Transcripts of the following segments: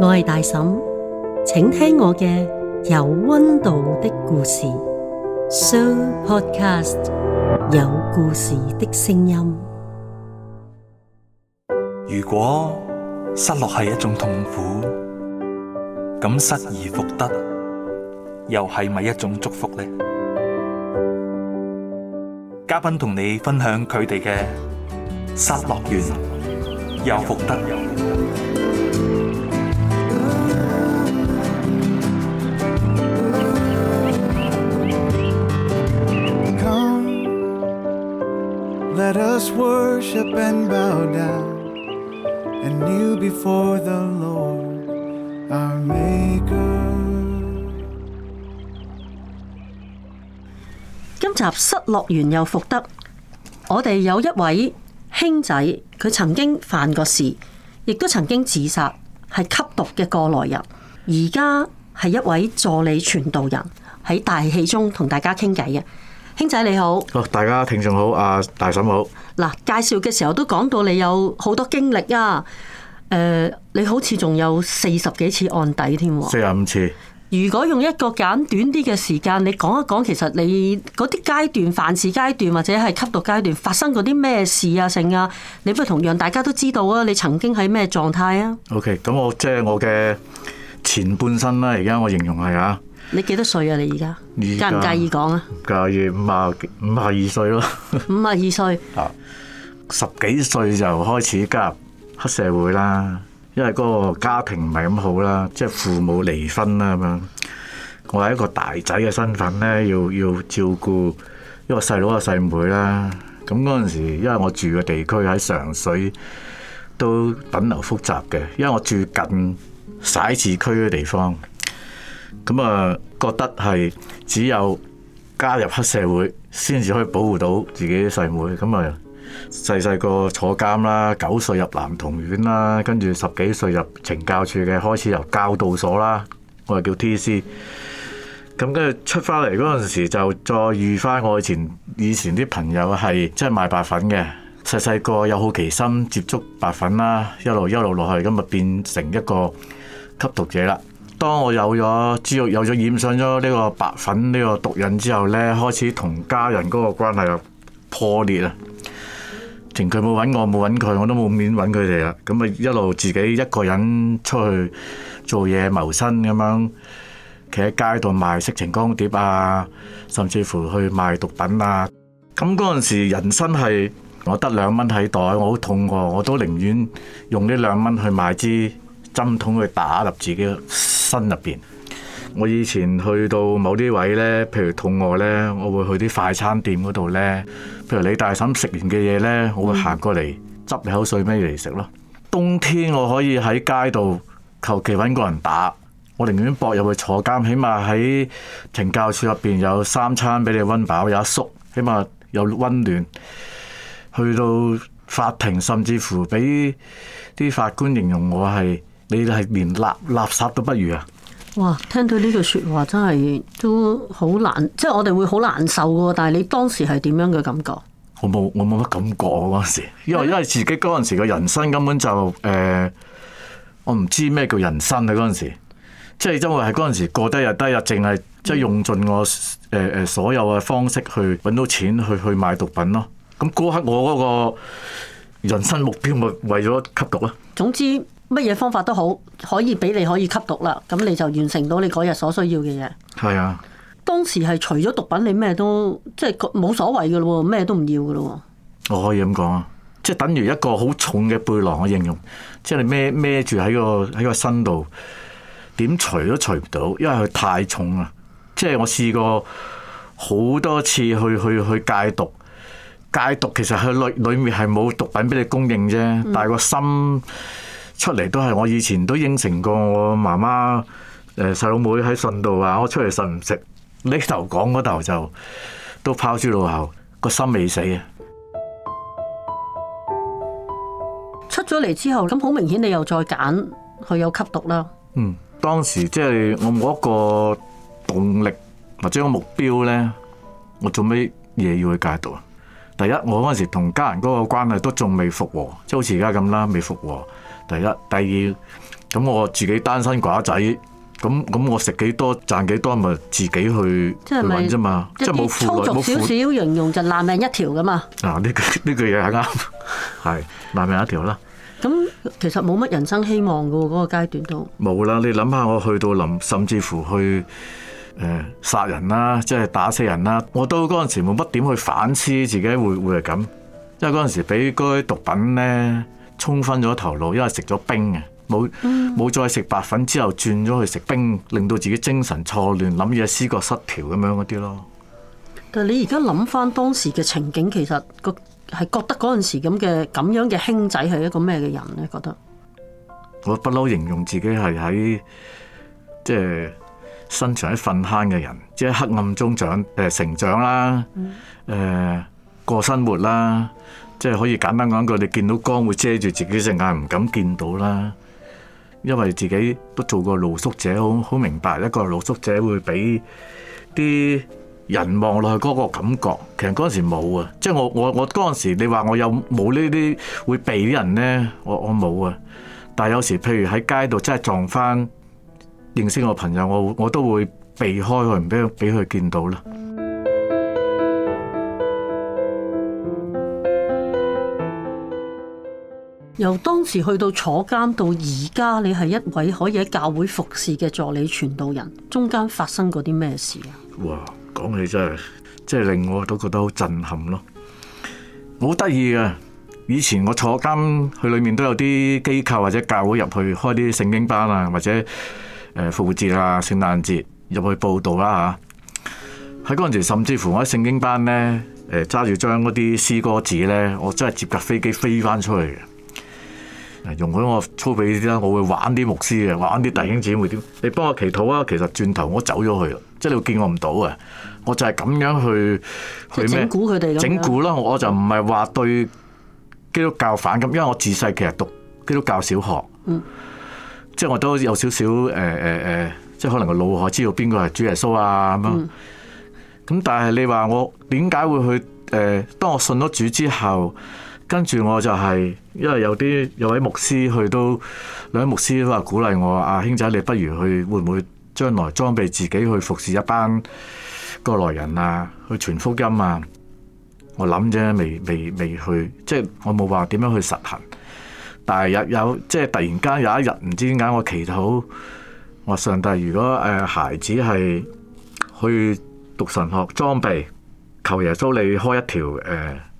我係大嬸，請聽我嘅有溫度的故事。Show Podcast，有故事的聲音。如果失落係一種痛苦，咁失而復得又係咪一種祝福呢？嘉賓同你分享佢哋嘅失落完又復得。Let us worship and bow down and kneel before the Lord, our Maker. 今集失落完又復得，我哋有一位兄仔，佢曾經犯過事，亦都曾經自殺，係吸毒嘅過來人，而家係一位助理傳道人，喺大氣中同大家傾偈嘅。兄仔你好，好，大家聽眾好，阿、啊、大嬸好。嗱、啊，介紹嘅時候都講到你有好多經歷啊，誒、呃，你好似仲有四十幾次案底添、啊、喎，四十五次。如果用一個簡短啲嘅時間，你講一講，其實你嗰啲階段、犯事階段或者係吸毒階段發生過啲咩事啊，成啊，你不如同樣大家都知道啊，你曾經喺咩狀態啊？OK，咁我即係、就是、我嘅前半生啦、啊，而家我形容係啊。你幾多歲啊？你而家介唔介意講啊？介意五啊五啊二歲咯。五啊二歲。啊！十幾歲就開始加入黑社會啦，因為嗰個家庭唔係咁好啦，即係父母離婚啦咁樣。我係一個大仔嘅身份咧，要要照顧一個細佬一個細妹啦。咁嗰陣時，因為我住嘅地區喺上水，都品流複雜嘅，因為我住近徙置區嘅地方。咁啊，覺得係只有加入黑社會先至可以保護到自己細妹。咁啊，細細個坐監啦，九歲入男童院啦，跟住十幾歲入懲教處嘅，開始由教導所啦，我係叫 TC。咁跟住出翻嚟嗰陣時，就再遇翻我以前以前啲朋友係即係賣白粉嘅。細細個有好奇心接觸白粉啦，一路一路落去，咁啊變成一個吸毒者啦。當我有咗豬肉，有咗染上咗呢個白粉呢個毒癮之後咧，開始同家人嗰個關係就破裂啊！佢冇揾我，我冇揾佢，我都冇面揾佢哋啦。咁咪一路自己一個人出去做嘢謀生咁樣，企喺街度賣色情光碟啊，甚至乎去賣毒品啊。咁嗰陣時人生係我得兩蚊喺袋，我好痛喎！我都寧願用呢兩蚊去買支。針筒去打入自己身入邊。我以前去到某啲位呢，譬如肚餓呢，我會去啲快餐店嗰度呢。譬如你大嬸食完嘅嘢呢，我會行過嚟執你口水尾嚟食咯。冬天我可以喺街度求其揾個人打，我寧願搏入去坐監，起碼喺懲教處入邊有三餐俾你温飽，有一宿，起碼有温暖。去到法庭，甚至乎俾啲法官形容我係。你係連垃垃圾都不如啊！哇，聽到呢句說話真係都好難，即係我哋會好難受噶。但係你當時係點樣嘅感覺？我冇，我冇乜感覺啊！嗰陣時，因為因為自己嗰陣時嘅人生根本就誒、呃，我唔知咩叫人生啊！嗰陣時，即係因為係嗰陣時過低日低日，淨係即係用盡我誒誒、呃、所有嘅方式去搵到錢去去買毒品咯。咁嗰刻我嗰個人生目標咪為咗吸毒啊？總之。乜嘢方法都好，可以俾你可以吸毒啦，咁你就完成到你嗰日所需要嘅嘢。係啊，當時係除咗毒品，你咩都即係冇所謂嘅咯喎，咩都唔要嘅咯喎。我可以咁講啊，即係等於一個好重嘅背囊，我形容，即係你孭孭住喺個喺個身度，點除都除唔到，因為佢太重啦。即係我試過好多次去去去戒毒，戒毒其實佢內裡面係冇毒品俾你供應啫，嗯、但係個心。出嚟都係我以前都應承過我媽媽誒細佬妹喺信度話，我出嚟信唔食呢，頭講嗰頭就都拋諸腦後，個心未死啊！出咗嚟之後，咁好明顯你又再揀佢有吸毒啦。嗯，當時即係我冇一個動力或者個目標呢，我做咩嘢要去戒毒啊？第一，我嗰陣時同家人嗰個關係都仲未復和，即係好似而家咁啦，未復和。第一、第二，咁我自己單身寡仔，咁咁我食幾多賺幾多咪自己去即是是去揾啫嘛，即係冇負累少少形容，容就爛命一條噶嘛。嗱、啊，呢句呢句嘢係啱，係 爛命一條啦。咁其實冇乜人生希望噶喎，嗰、那個階段都冇啦。你諗下，我去到臨，甚至乎去誒殺、呃、人啦，即係打死人啦，我都嗰陣時冇乜點去反思自己會會係咁，因為嗰陣時俾嗰啲毒品咧。衝昏咗頭腦，因為食咗冰嘅，冇冇、嗯、再食白粉之後，轉咗去食冰，令到自己精神錯亂，諗嘢思覺失調咁樣嗰啲咯。但係你而家諗翻當時嘅情景，其實個係覺得嗰陣時咁嘅咁樣嘅兄仔係一個咩嘅人咧？覺得我不嬲形容自己係喺即係生存喺墳坑嘅人，即、就、係、是、黑暗中長誒、呃、成長啦，誒、嗯呃、過生活啦。即係可以簡單講句，你見到光會遮住自己隻眼，唔敢見到啦。因為自己都做過露宿者，好好明白一個露宿者會俾啲人望落去嗰個感覺。其實嗰陣時冇啊，即係我我我嗰陣時，你話我有冇呢啲會避啲人呢？我我冇啊。但係有時譬如喺街度真係撞翻認識我朋友，我我都會避開佢，唔俾俾佢見到啦。由當時去到坐監到而家，你係一位可以喺教會服侍嘅助理傳道人，中間發生過啲咩事啊？哇！講起真係，即係令我都覺得好震撼咯。好得意嘅，以前我坐監去裏面都有啲機構或者教會入去開啲聖經班啊，或者誒、呃、復活節啊、聖誕節入去報道啦、啊。嚇喺嗰陣時，甚至乎我喺聖經班呢，誒揸住張嗰啲詩歌紙呢，我真係接架飛機飛翻出去嘅。容許我粗鄙啲啦，我會玩啲牧師嘅，玩啲弟兄姊妹。點？你幫我祈禱啊！其實轉頭我走咗去啦，即係你會見我唔到啊！我就係咁樣去去整蠱佢哋咁整蠱啦！我就唔係話對基督教反咁，因為我自細其實讀基督教小學，嗯、即係我都有少少誒誒誒，即係可能個腦海知道邊個係主耶穌啊咁樣。咁、嗯、但係你話我點解會去？誒、呃，當我信咗主之後。跟住我就係、是，因為有啲有位牧師，去都兩位牧師都話鼓勵我啊，兄仔，你不如去，會唔會將來裝備自己去服侍一班過來人啊，去傳福音啊？我諗啫，未未未去，即係我冇話點樣去實行。但係有有，即係突然間有一日，唔知點解我祈禱，我上帝，如果誒、呃、孩子係去讀神學裝備，求耶穌你開一條誒。呃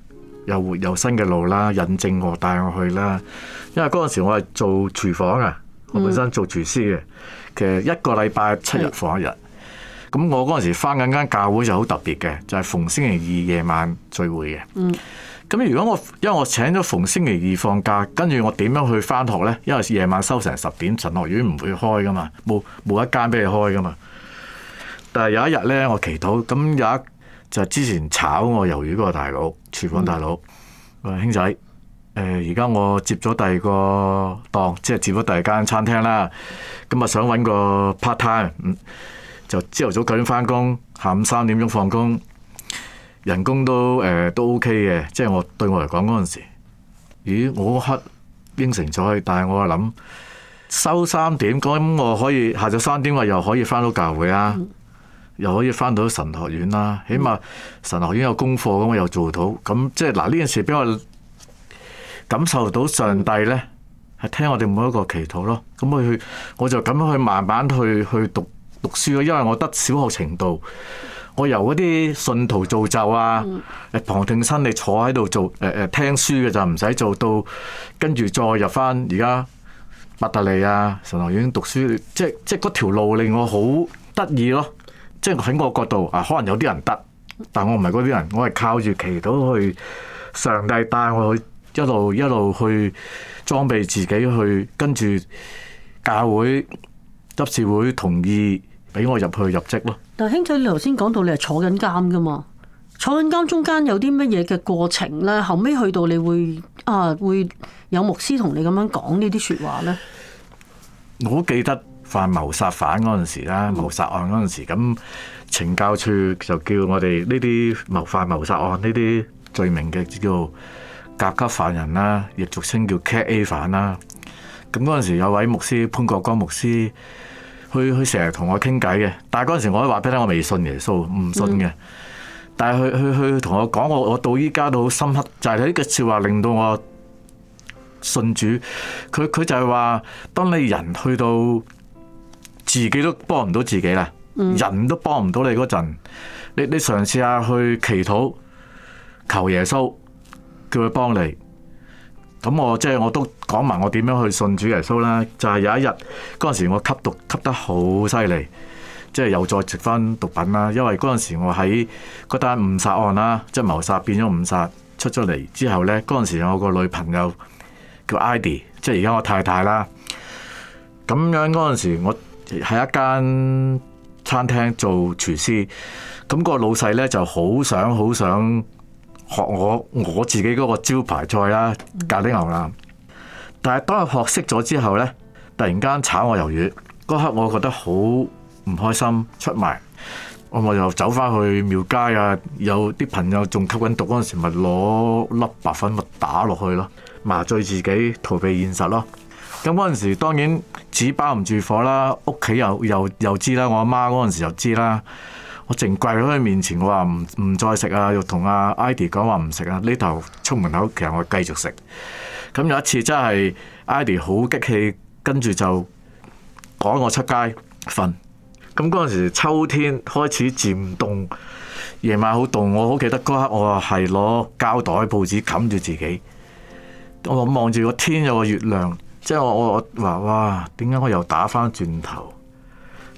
又活有新嘅路啦，引證我帶我去啦。因為嗰陣時我係做廚房啊，我本身做廚師嘅，嗯、其實一個禮拜七日放一日。咁是我嗰陣時翻緊間教會就好特別嘅，就係、是、逢星期二夜晚聚會嘅。咁、嗯、如果我因為我請咗逢星期二放假，跟住我點樣去翻學呢？因為夜晚收成十點，神學院唔會開噶嘛，冇冇一間俾你開噶嘛。但係有一日呢，我祈禱，咁有一。就之前炒我魷魚嗰個大佬，廚房大佬，喂、嗯哎，兄仔，誒而家我接咗第二個檔，即係接咗第二間餐廳啦。今日想揾個 part time，嗯、就朝頭早九點返工，下午三點鐘放工，人工都誒、呃、都 OK 嘅，即係我對我嚟講嗰陣時。咦，我即刻應承咗，去，但係我又諗收三點，咁我可以下晝三點我又可以返到教會啦。嗯又可以翻到神學院啦，起碼神學院有功課咁，我又做到咁，即係嗱呢件事畀我感受到上帝呢，係聽我哋每一個祈禱咯。咁、嗯、我去，我就咁去慢慢去去讀讀書咯。因為我得小學程度，我由嗰啲信徒造就啊，誒、嗯，旁聽生你坐喺度做誒誒、呃、聽書嘅就唔使做到，跟住再入翻而家伯特利啊神學院讀書，即係即係嗰條路令我好得意咯。即係喺我角度啊，可能有啲人得，但我唔係嗰啲人，我係靠住祈禱去上帝帶我去一路一路去裝備自己去，去跟住教會執事會同意俾我入去入職咯。但係，兄仔，你頭先講到你係坐緊監㗎嘛？坐緊監中間有啲乜嘢嘅過程咧？後尾去到你會啊，會有牧師同你咁樣講呢啲說話咧？我記得。犯謀殺犯嗰陣時啦，謀殺案嗰陣時，咁懲教處就叫我哋呢啲謀犯謀殺案呢啲罪名嘅叫做甲級犯人啦，亦俗稱叫 cat A 犯啦。咁嗰陣時有位牧師潘國光牧師，佢佢成日同我傾偈嘅，但係嗰陣時我都話俾你聽，我未信耶穌，唔信嘅。但係佢佢佢同我講，我我到依家都好深刻，就係呢句說話令到我信主。佢佢就係話，當你人去到。自己都幫唔到自己啦，人都幫唔到你嗰陣，你你嘗試下去祈禱求耶穌，叫佢幫你。咁我即係我都講埋我點樣去信主耶穌啦。就係、是、有一日嗰陣時我吸毒吸得好犀利，即係又再食翻毒品啦。因為嗰陣時我喺嗰單誤殺案啦，即係謀殺變咗誤殺出咗嚟之後呢，嗰陣時我個女朋友叫 Ivy，即係而家我太太啦。咁樣嗰陣時我。喺一間餐廳做廚師，咁個老細呢就好想好想學我我自己嗰個招牌菜啦，咖喱牛腩。但係當佢學識咗之後呢，突然間炒我魷魚，嗰刻我覺得好唔開心，出埋我咪又走返去廟街啊！有啲朋友仲吸緊毒嗰陣時，咪攞粒白粉物打落去咯，麻醉自己逃避現實咯。咁嗰陣時，當然紙包唔住火啦，屋企又又又知啦，我阿媽嗰陣時又知啦。我淨跪喺佢面前我，我話唔唔再食啊，又同阿 Ivy 講話唔食啊。呢頭出門口，其實我繼續食。咁有一次真係 Ivy 好激氣，跟住就趕我出街瞓。咁嗰陣時秋天開始漸凍，夜晚好凍。我好記得嗰刻，我係攞膠袋、報紙冚住自己。我望住個天有個月亮。即係我我我話哇，點解我又打翻轉頭？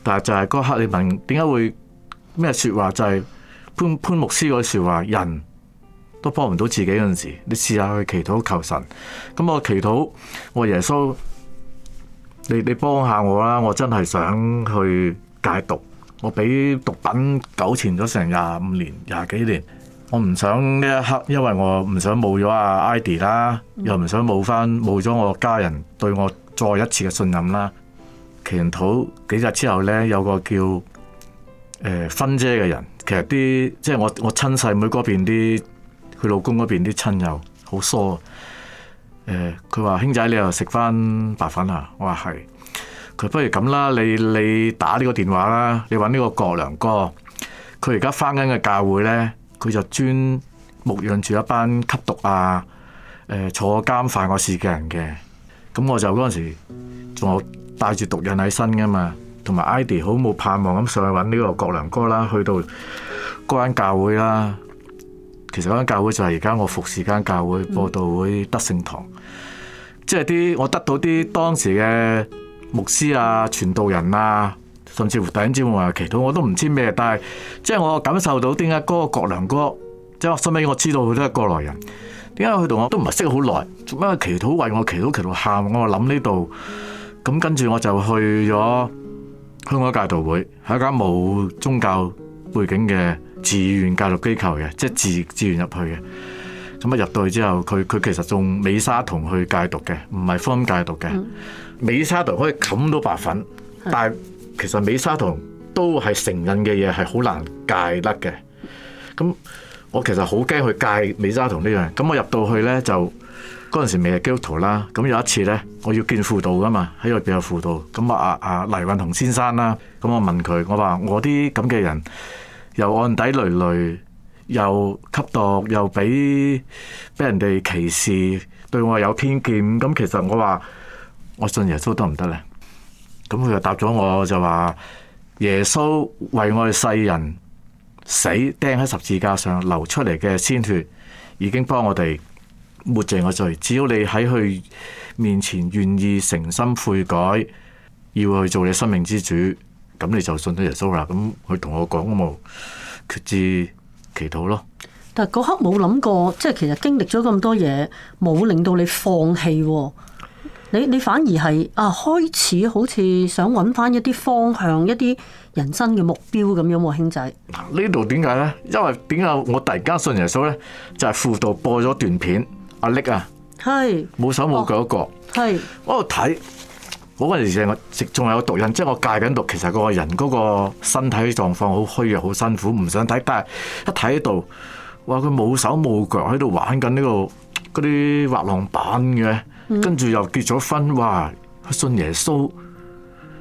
但係就係嗰刻你問點解會咩說話？就係、是、潘潘牧師嗰句說話，人都幫唔到自己嗰陣時，你試下去祈禱求神。咁、嗯、我祈禱我耶穌，你你幫下我啦！我真係想去戒毒，我俾毒品糾纏咗成廿五年廿幾年。我唔想呢一刻，因為我唔想冇咗阿 I D 啦，又唔想冇翻冇咗我家人對我再一次嘅信任啦。祈禱幾日之後呢，有個叫誒、呃、芬姐嘅人，其實啲即係我我親細妹嗰邊啲佢老公嗰邊啲親友好疏，佢話、呃、兄仔，你又食翻白粉啊？我話係，佢不如咁啦，你你打呢個電話啦，你搵呢個國良哥，佢而家翻緊嘅教會呢。佢就專牧養住一班吸毒啊、誒、呃、坐監犯我事嘅人嘅，咁我就嗰陣時仲有帶住毒癮喺身噶嘛，同埋 Eddy 好冇盼望咁上去揾呢個國良哥啦，去到嗰間教會啦。其實嗰間教會就係而家我服侍間教會，播道會德聖堂。嗯、即係啲我得到啲當時嘅牧師啊、傳道人啊。甚至乎第二朝我話祈禱我，我都唔知咩，但係即係我感受到點解嗰個郭良哥，即係心尾我知道佢都係過來人，點解去同我都唔係識好耐，做咩祈禱為我祈禱我祈禱喊，我諗呢度，咁跟住我就去咗香港戒毒會，係一間冇宗教背景嘅自願教育機構嘅，即係自自願入去嘅。咁一入到去之後，佢佢其實仲美沙酮去戒毒嘅，唔係方戒毒嘅，嗯、美沙酮可以冚到白粉，但係。其實美沙酮都係成癮嘅嘢係好難戒得嘅。咁我其實好驚去戒美沙酮呢樣。咁我入到去呢，就嗰陣時未係基督徒啦。咁有一次呢，我要見輔導噶嘛，喺外邊有輔導。咁啊啊黎韻彤先生啦，咁我問佢，我話我啲咁嘅人又案底累累，又吸毒，又俾俾人哋歧視，對我有偏見。咁其實我話我信耶穌得唔得呢？咁佢就答咗我，就話耶穌為我哋世人死釘喺十字架上，流出嚟嘅鮮血已經幫我哋抹淨我罪。只要你喺佢面前願意誠心悔改，要去做你生命之主，咁你就信咗耶穌啦。咁佢同我講咁，我冇決志祈禱咯。但係嗰刻冇諗過，即係其實經歷咗咁多嘢，冇令到你放棄哦。你你反而係啊，開始好似想揾翻一啲方向、一啲人生嘅目標咁樣喎，啊，兄弟。呢度點解咧？因為點解我突然間信耶穌咧，就係、是、輔導播咗段片，阿力啊，係冇是手冇腳嗰個，係、哦、我度睇。嗰陣時我直仲有毒癮，即、就、係、是、我戒緊毒。其實嗰個人嗰個身體狀況好虛弱、好辛苦，唔想睇。但係一睇到，哇！佢冇手冇腳喺度玩緊、這、呢個嗰啲滑浪板嘅。跟住又結咗婚，哇！信耶穌，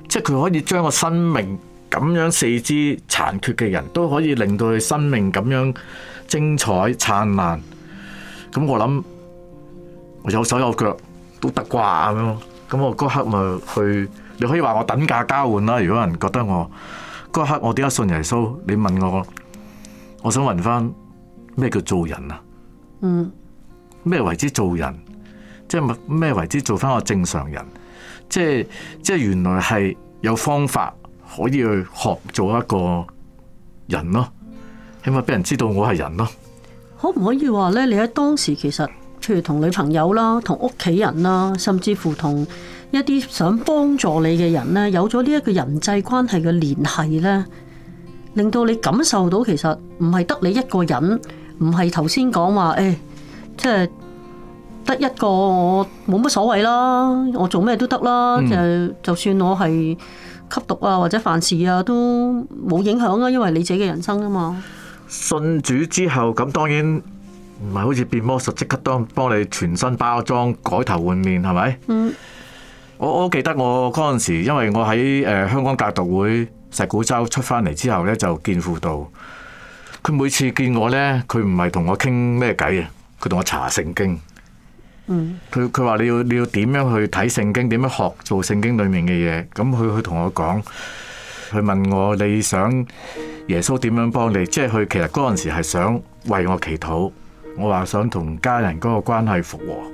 即係佢可以將個生命咁樣四肢殘缺嘅人都可以令到佢生命咁樣精彩燦爛。咁我諗，我有手有腳都得啩咁咯。咁我嗰刻咪去，你可以話我等價交換啦。如果有人覺得我嗰刻我點解信耶穌，你問我，我想問返咩叫做人啊？嗯，咩為之做人？即係咩為之做翻個正常人？即係即係原來係有方法可以去學做一個人咯，起碼俾人知道我係人咯。可唔可以話咧？你喺當時其實，譬如同女朋友啦、同屋企人啦，甚至乎同一啲想幫助你嘅人咧，有咗呢一個人際關係嘅聯繫咧，令到你感受到其實唔係得你一個人，唔係頭先講話誒，即係。得一個我冇乜所謂啦，我做咩都得啦，就、嗯、就算我係吸毒啊或者犯事啊都冇影響啊，因為你自己嘅人生啊嘛。信主之後咁，當然唔係好似變魔術即刻當幫你全身包裝、改頭換面，係咪？嗯、我我記得我嗰陣時，因為我喺誒、呃、香港戒毒會石鼓洲出翻嚟之後呢，就見輔導。佢每次見我呢，佢唔係同我傾咩偈啊，佢同我查聖經。嗯，佢佢話你要你要點樣去睇聖經？點樣學做聖經裏面嘅嘢？咁佢去同我講，佢問我，你想耶穌點樣幫你？即係佢其實嗰陣時係想為我祈禱。我話想同家人嗰個關係復和。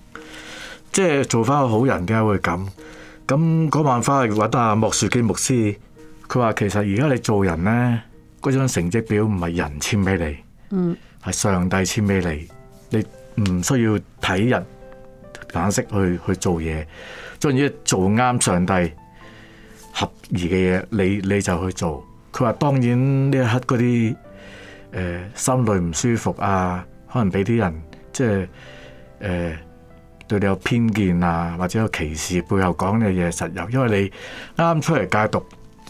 即係做翻個好人，點解會咁？咁、那、嗰、個、晚翻去搵阿，莫樹基牧師，佢話其實而家你做人咧，嗰張成績表唔係人簽俾你，係、嗯、上帝簽俾你。你唔需要睇人眼色去去做嘢，終於做啱上帝合宜嘅嘢，你你就去做。佢話當然呢一刻嗰啲誒心裏唔舒服啊，可能俾啲人即係誒。呃對你有偏見啊，或者有歧視，背後講嘅嘢實有，因為你啱出嚟戒毒，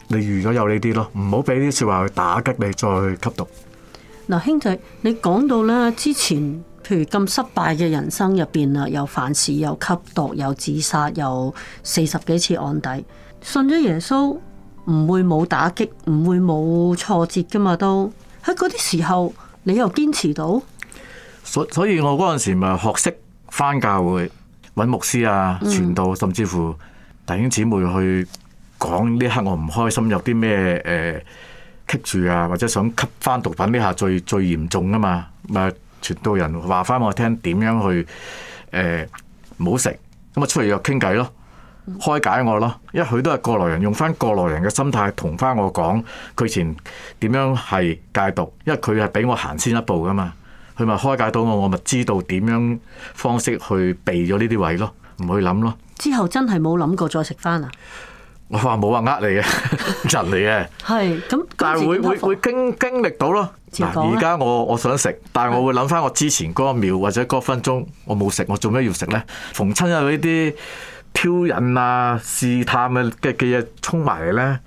你預咗有呢啲咯，唔好俾啲說話去打擊你再去吸毒。嗱、啊，兄弟，你講到咧，之前譬如咁失敗嘅人生入邊啊，又犯事，又吸毒，又自殺，又四十幾次案底，信咗耶穌唔會冇打擊，唔會冇挫折噶嘛，都喺嗰啲時候你又堅持到。所所以，所以我嗰陣時咪學識。翻教會揾牧師啊，傳道甚至乎弟兄姊妹去講呢刻我唔開心，有啲咩誒棘住啊，或者想吸翻毒品呢下最最嚴重噶嘛？咪傳道人話翻我聽點樣去誒唔、呃、好食，咁啊出嚟又傾偈咯，開解我咯。因為佢都係過來人，用翻過來人嘅心態同翻我講佢前點樣係戒毒，因為佢係俾我行先一步噶嘛。佢咪開解到我，我咪知道點樣方式去避咗呢啲位咯，唔去諗咯。之後真係冇諗過再食翻啊！我話冇話呃你嘅 人嚟嘅的，係咁。 這但係會會會經經歷到咯。而家我我想食，但係我會諗翻我之前嗰個秒或者嗰分鐘是我冇食，我做咩要食呢？逢親有呢啲挑釁啊、試探嘅嘅嘢衝埋嚟呢，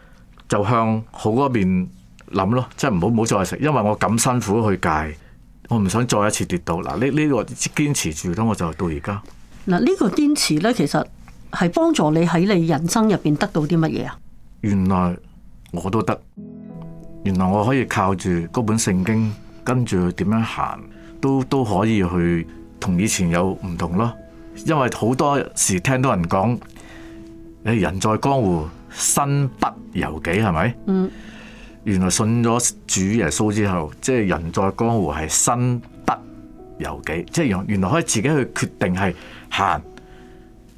就向好嗰邊諗咯，即係唔好唔好再食，因為我咁辛苦去戒。我唔想再一次跌倒。嗱，呢呢個堅持住咁，我就到而家。嗱，呢個堅持咧，其實係幫助你喺你人生入邊得到啲乜嘢啊？原來我都得，原來我可以靠住嗰本聖經，跟住點樣行，都都可以去同以前有唔同咯。因為好多時聽到人講，誒，人在江湖身不由己，係咪？嗯。原來信咗主耶穌之後，即係人在江湖係身不由己，即係原原來可以自己去決定係行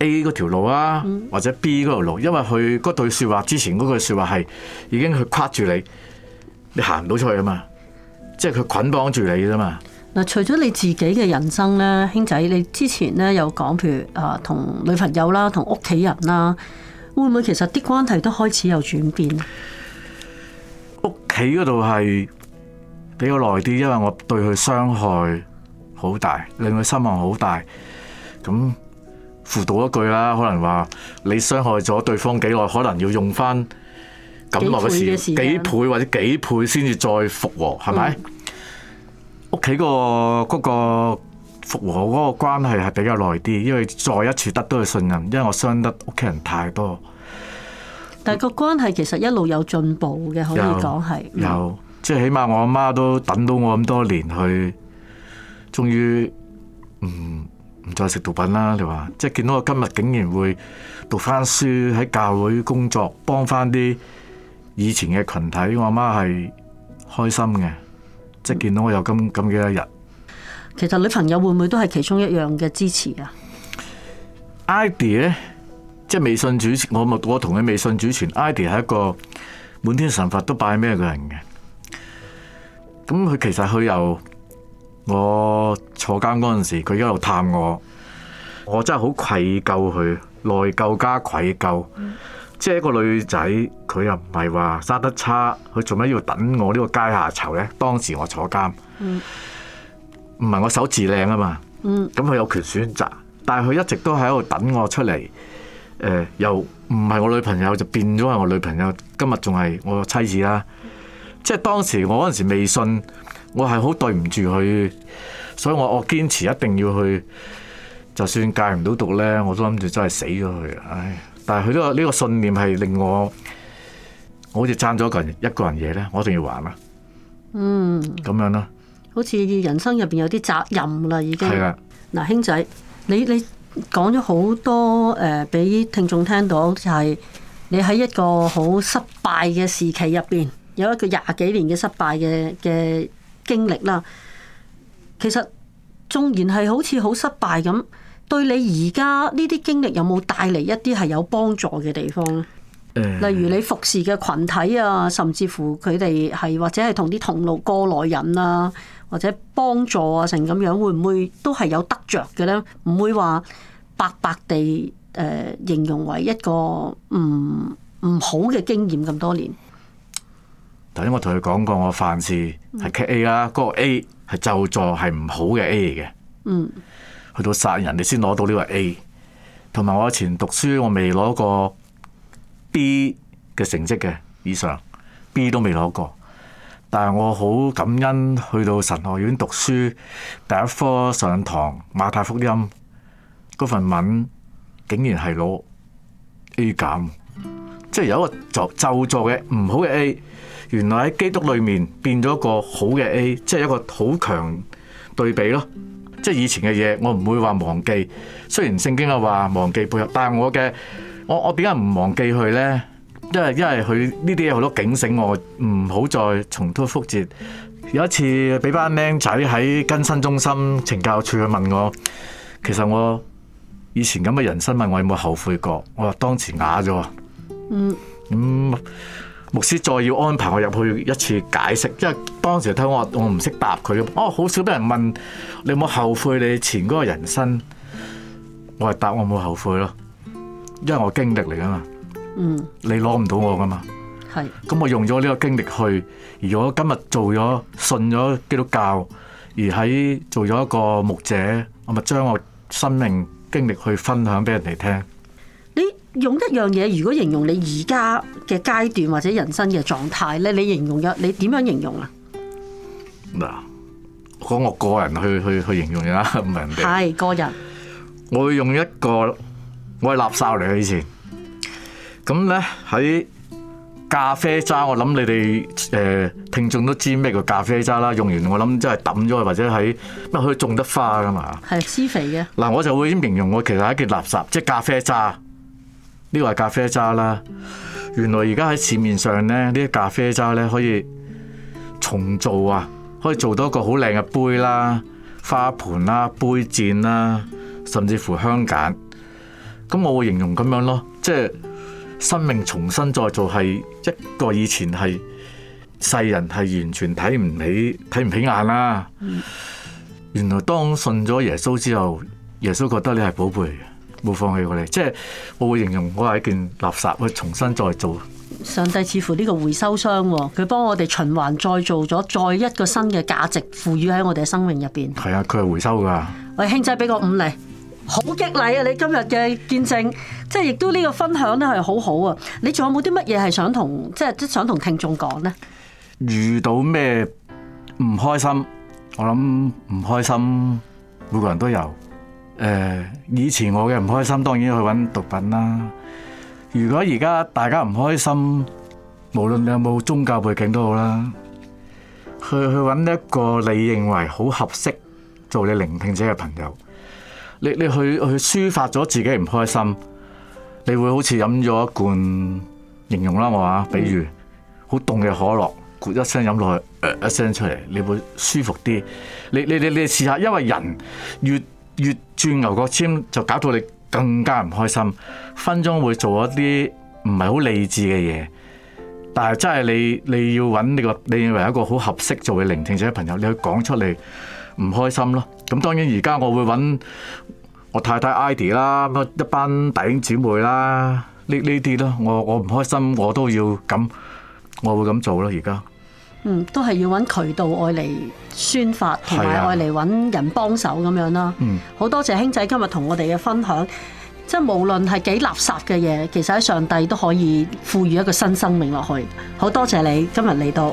A 嗰條路啊，嗯、或者 B 嗰條路，因為佢嗰句説話之前嗰句説話係已經去框住你，你行唔到出去啊嘛，即係佢捆綁住你啫嘛。嗱，除咗你自己嘅人生咧，兄仔，你之前咧有講，譬如啊，同女朋友啦，同屋企人啦，會唔會其實啲關係都開始有轉變？屋企嗰度係比較耐啲，因為我對佢傷害好大，令佢失望好大。咁輔導一句啦，可能話你傷害咗對方幾耐，可能要用翻咁耐嘅時間，幾倍嘅時間，幾倍或者幾倍先至再復和，係咪？屋企、嗯、個嗰個復和嗰個關係係比較耐啲，因為再一次得到佢信任，因為我傷得屋企人太多。但係個關係其實一路有進步嘅，可以講係有，有，即係起碼我阿媽都等到我咁多年去，終於唔唔再食毒品啦。你話即係見到我今日竟然會讀翻書，喺教會工作，幫翻啲以前嘅群體，我阿媽係開心嘅，即係見到我有咁咁幾多日。其實女朋友會唔會都係其中一樣嘅支持啊 i v 咧？即係微信主持，我我同佢微信主持。i D 係一個滿天神佛都拜咩嘅人嘅。咁佢其實佢由我坐監嗰陣時，佢一路探我，我真係好愧疚佢，內疚加愧疚。嗯、即係一個女仔，佢又唔係話生得差，佢做咩要等我呢個階下囚呢？當時我坐監，唔係我手字靚啊嘛。咁佢有權選擇，但係佢一直都喺度等我出嚟。誒、呃，又唔係我女朋友就變咗係我女朋友，今日仲係我妻子啦。即係當時我嗰陣時未信，我係好對唔住佢，所以我我堅持一定要去，就算戒唔到毒呢，我都諗住真係死咗佢。唉，但係佢呢個呢、呢個信念係令我，我好似爭咗一個人一個人嘢，呢我一定要還啦。嗯，咁樣啦，好似人生入邊有啲責任啦，已經係啦。嗱的、啊，兄仔，你你。講咗好多誒，俾、呃、聽眾聽到就係、是、你喺一個好失敗嘅時期入邊，有一個廿幾年嘅失敗嘅嘅經歷啦。其實縱然係好似好失敗咁，對你而家呢啲經歷有冇帶嚟一啲係有幫助嘅地方咧？例如你服侍嘅群體啊，甚至乎佢哋係或者係同啲同路過來人啊，或者幫助啊成咁樣，會唔會都係有得着嘅咧？唔會話白白地誒、呃，形容為一個唔唔、嗯、好嘅經驗咁多年。頭先我同佢講過，我犯事係 A 啦，嗯、個 A 係就助係唔好嘅 A 嚟嘅，嗯、去到殺人你先攞到呢個 A，同埋我以前讀書我未攞過。B 嘅成績嘅以上，B 都未攞過。但係我好感恩，去到神學院讀書第一科上堂馬太福音嗰份文，竟然係攞 A 減，即係有一個作就作嘅唔好嘅 A，原來喺基督裏面變咗一個好嘅 A，即係一個好強對比咯。即係以前嘅嘢，我唔會話忘記。雖然聖經係話忘記背後，但係我嘅。我我點解唔忘記佢呢？因為因為佢呢啲嘢，好多警醒我，唔好再重蹈覆轍。有一次俾班僆仔喺更新中心、懲教處去問我，其實我以前咁嘅人生問我有冇後悔過？我話當時啞咗。嗯。咁、嗯、牧師再要安排我入去一次解釋，因為當時睇我我唔識答佢。哦，好少俾人問你有冇後悔你前嗰個人生，我係答我冇後悔咯。因為我經歷嚟噶嘛，你攞唔到我噶嘛，係咁我用咗呢個經歷去，而我今日做咗信咗基督教，而喺做咗一個牧者，我咪將我生命經歷去分享俾人哋聽。你用一樣嘢，如果形容你而家嘅階段或者人生嘅狀態咧，你形容咗，你點樣形容啊？嗱，講我個人去去去形容啦，唔係人哋係個人，我會用一個。我係垃圾嚟嘅。以前咁呢，喺咖啡渣，我諗你哋誒、呃、聽眾都知咩叫咖啡渣啦。用完我諗真係抌咗，或者喺乜可以種得花噶嘛？係施肥嘅嗱，我就會形容我其實係一件垃圾，即係咖啡渣。呢個係咖啡渣啦。原來而家喺市面上呢，呢啲咖啡渣呢，可以重造啊，可以做到一個好靚嘅杯啦、花盆啦、杯墊啦，甚至乎香梘。咁我會形容咁樣咯，即係生命重新再做係一個以前係世人係完全睇唔起睇唔起眼啦、啊。原來當信咗耶穌之後，耶穌覺得你係寶貝，冇放棄過你。即係我會形容我係一件垃圾去重新再做。上帝似乎呢個回收箱、哦，佢幫我哋循環再做咗再一個新嘅價值賦予喺我哋嘅生命入邊。係啊，佢係回收噶。喂兄仔俾個五嚟。好激勵啊！你今日嘅見證，即係亦都呢個分享咧，係好好啊！你仲有冇啲乜嘢係想同即係都想同聽眾講呢？遇到咩唔開心，我諗唔開心每個人都有。誒、呃，以前我嘅唔開心，當然要去揾毒品啦。如果而家大家唔開心，無論你有冇宗教背景都好啦，去去揾一個你認為好合適做你聆聽者嘅朋友。你你去去抒發咗自己唔開心，你會好似飲咗一罐形容啦，我話，比如好凍嘅可樂，咕一聲飲落去，呃、一聲出嚟，你會舒服啲。你你你你試下，因為人越越轉牛角尖，就搞到你更加唔開心，分分鐘會做一啲唔係好理智嘅嘢。但係真係你你要揾呢個你認為一個好合適做嘅聆聽者嘅朋友，你去講出嚟唔開心咯。咁當然而家我會揾。我太太 Ivy 啦，一班弟兄姊妹啦，呢呢啲咯，我我唔開心，我都要咁，我會咁做咯。而家嗯，都係要揾渠道愛嚟宣發，同埋愛嚟揾人幫手咁樣啦。嗯，好多謝兄仔今日同我哋嘅分享，即係無論係幾垃圾嘅嘢，其實喺上帝都可以賦予一個新生命落去。好多謝你今日嚟到。